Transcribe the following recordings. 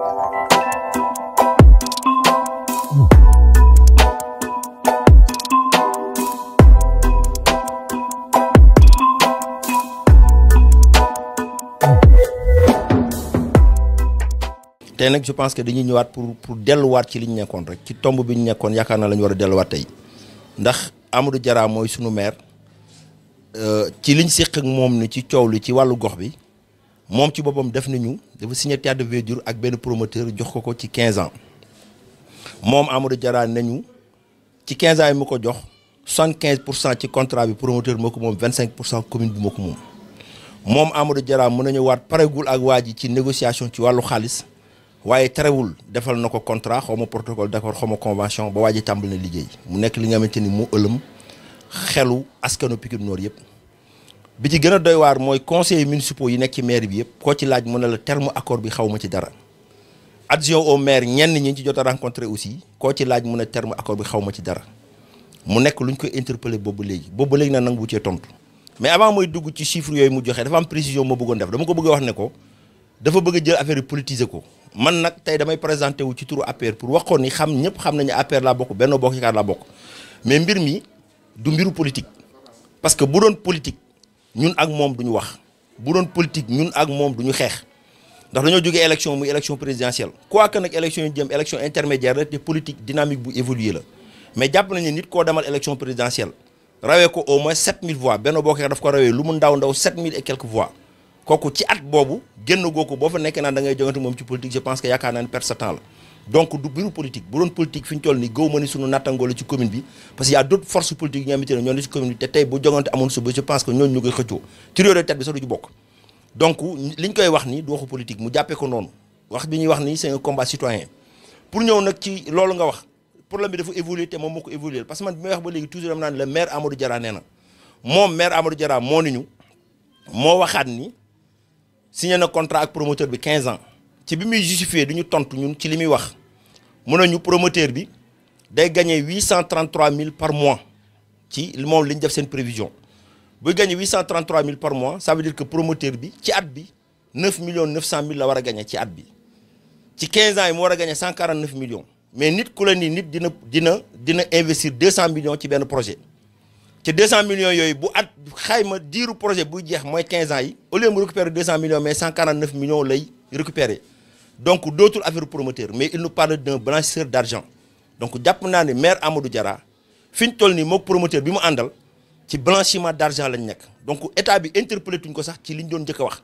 tey nag je pense que dañuy ñëwaat pour pour delluwaat ci li ñu nekkoon rek ci tomb bi ñu nekkoon yaakaar na la ñu war a delluwaat tey ndax amatu Diarra mooy sunu maire euh, ci liñ séq moom ni ci coow li ci wàllu gox bi moom ci boppam def nañu dafa signé terre de verdure ak benn promoteur jox ko ko ci quinze ans moom Amadou Diarra nañu ci 15 ans yi mu ko jox 75 pour cent ci contrat bi promoteur moo ko moom cinq pour cent commune bi moo ko moom. moom Amadou Diarra mën nañu waat paregul ak waa ji ci négociation ci wàllu xaalis waaye terewul defal na ko contrat xaw ma protocole d'accord xaw ma convention ba waa ji tàmbali na liggéey mu nekk li nga xamante ni mu ëlëm xelu askanu Pikine Nord yëpp. bi ci gën a doy waar mooy conseillers municipaux yi nekk ci maire bi yëpp koo ci laaj mu ne la terme accord bi xaw ma ci dara adjoint ñi ci jot a aussi koo ci laaj mu ne terme accord bi xaw ci dara mu nekk lu ñu koy interpellé boobu léegi boobu léegi nag nangu cee tontu mais avant mooy dugg ci chiffre yooyu mu joxe dafa am précision moo bëggoon def dama ko bëgg a wax ne ko dafa bëgg a jël affaire politiser ko man nag tey damay présenté wu ci turu APR pour waxoon ni xam ñëpp xam nañu APR laa bokk Benno Bokk Yaakaar laa bokk mais mbir mi du mbiru politique parce que bu doon politique. ñun ak moom duñu wax bu doon politique ñun ak moom duñu xeex ndax dañoo jógee élection muy élection présidentielle quoi que élection yi jëm élection intermédiaire la te politique dynamique bu évoluer la mais jàpp nañu nit koo demal élection présidentielle rawee ko au moins 7000 voix benn boo ko daf ko rawee lu mu ndaw ndaw 7000 et quelques voix kooku ci at boobu génn goo ko boo fa nekk naan da jogante moom ci politique je pense ne perte sa donc du biiru politique bu doon politique fi ñu toll nii ma ni sunu nattangoo la ci commune bi parce que y' a d' autres forces politiques yi nga xamante ne ci commune bi te tey bu jogante amoon suba je pense que ñooñu ñu koy xëccoo trio bi sax du ci bokk donc li ñu koy wax nii du waxu politique mu jàppee ko noonu wax bi ñuy wax ni c' est un citoyen pour ñëw nag ci loolu nga wax problème bi dafa évoluer te moom moo ko évoluer parce que man bi may wax ba léegi toujours dama naan na moom maire Amadou Diarra moo ni ñu moo waxaat ni signé na contrat ak promoteur bi 15 ci bi muy justifié du ñu tontu ñun ci li muy wax mu ne ñu promoteur bi day gagné huit cent trente trois mille par mois ci moom li ñu def seen prévision buy gagné huit cent trente trois mille par mois ça veut que promoteur bi ci at bi neuf millions neuf cent mille la war a gagné ci at bi ci quinze ans yi mu war a gagné cent quarante neuf millions mais nit ku la ni nit dina dina dina investir deux cent millions ci benn projet ci deux cent millions yooyu bu at xayma diiru projet buy jeex mooy quinze ans yi au lieu mu récupérer deux cent donc dootul affaire promoteur mais il nous parle d'un blanchisseur d'argent donc jàpp naa ne maire Amadou Diarra fi ñu toll nii mook promoteur bi mu àndal ci blanchiment d'argent lañ nekk donc état bi interpellé tuñ ko sax ci li ñu doon njëkk a wax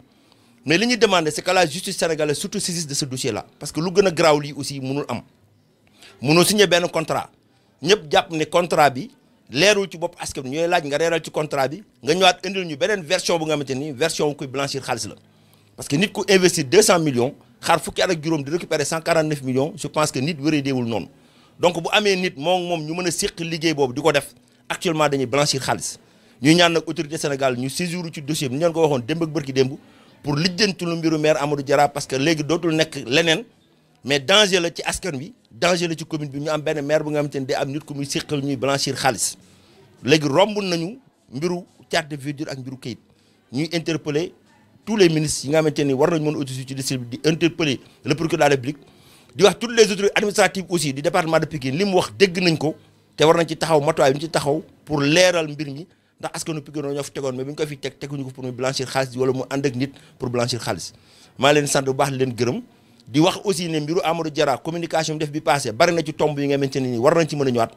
mais li ñuy demandé c'est que la justice sénégalaise surtout saisisse de ce dossier là parce que lu gën a graaw lii aussi mënul am mënoo signé benn contrat ñëpp jàpp ne contrat bi leerul ci bopp askan ñooy laaj nga reeral ci contrat bi nga ñëwaat indil ñu beneen version bu nga ni version kuy blanchir xaalis la parce que nit ku investir 200 millions xaar fukki at ak juróom di récupérer 149 millions je pense que nit wéree deewul noonu donc bu amee nit moom moom ñu mën a séq liggéey boobu di ko def actuellement dañuy blanchir xaalis ñuy ñaan nag autorité Sénégal ñu saisir ci dossier bi ñu leen ko waxoon démb ak bërki démb pour lijjanti lu mbiru maire Amadou Diarra parce que léegi dootul nekk leneen mais danger la ci askan wi danger la ci commune bi ñu am benn maire bu nga xamante ne day am nit ku muy nañu mbiru carte de verdure ak mbiru kayit ñuy interpeller tous les ministres yi nga xamante ni war nañ mën aussi ci district bi di interpeller le procureur de la di wax toutes les autorités administratives aussi du département de Pikine li mu wax dégg nañ ko te war nañ ci taxaw matuwaay bi ñu ci taxaw pour leeral mbir mi ndax askanu Pikine ñoo fi tegoon mais bi ñu ko fi teg teguñu ko pour mu blanchir xaalis wala mu ànd ak nit pour blanchir xaalis maa leen sant bu baax leen gërëm di wax aussi ne mbiru Amadou Diarra communication bi def bi passé bari na ci tomb yi nga xamante ne war nañ ci a ñëwaat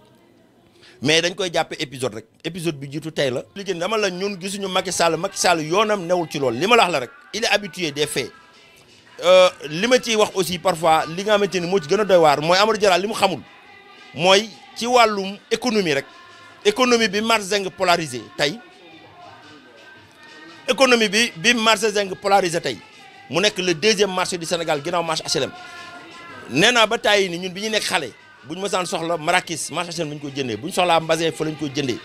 mais dañ koy jàppe épisode rek épisode bi jiitu tey la li gën dama la ñun gisuñu Macky Sall Macky saal yoonam newul ci loolu li ma la la rek il est habitué des faits euh, li ma ciy wax aussi parfois li nga xamante ni moo ci gën a doy waar mooy Amadou Diarra li mu xamul mooy ci wàllum économie rek économie bi Marzeng polarisé tey économie bi bi Marzeng polarisé tey mu nekk le deuxième marché du Sénégal ginnaaw marché HLM nee naa ba tàyyi ni ñun bi ñu nekk xale bu ñu mësaan soxla marakis marché HLM ñu soxlaa jëndee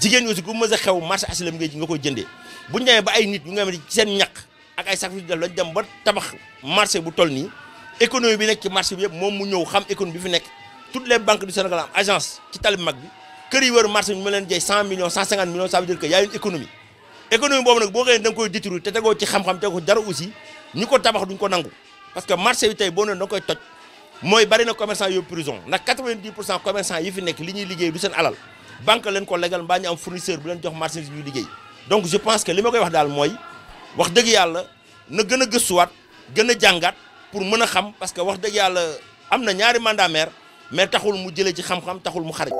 jigéen ñi aussi ku mës a xew marché HLM ngay nga koy jëndee bu ñu demee ba ay nit ñu nga xam ne seen ñaq ak ay sacrifice def lañ dem ba tabax marché bu toll nii économie bi nekk ci marché bi yëpp moom mu ñëw xam économie bi fi nekk toutes les banques du Sénégal am agence ci tali mag bi kër yi wër marché bi ñu leen jey 100 millions 150 millions ça veut dire que y a une économie boobu nag boo xëyee ko tabax duñ ko nangu tey boo nee da mooy bari na commerçant yóbbu prison ndax 90 pour cent commerçant yi fi nekk li ñuy liggéey du seen alal banque leen ko légal mbaa ñu am fournisseur bu leen jox marchandise ñuy liggéey donc je pense que li ma koy wax daal mooy wax dëgg yàlla na gën a gëstuwaat gën a jàngaat pour mën a xam parce que wax dëgg yàlla am na ñaari mandat maire mais taxul mu jëlee ci xam-xam taxul mu xarit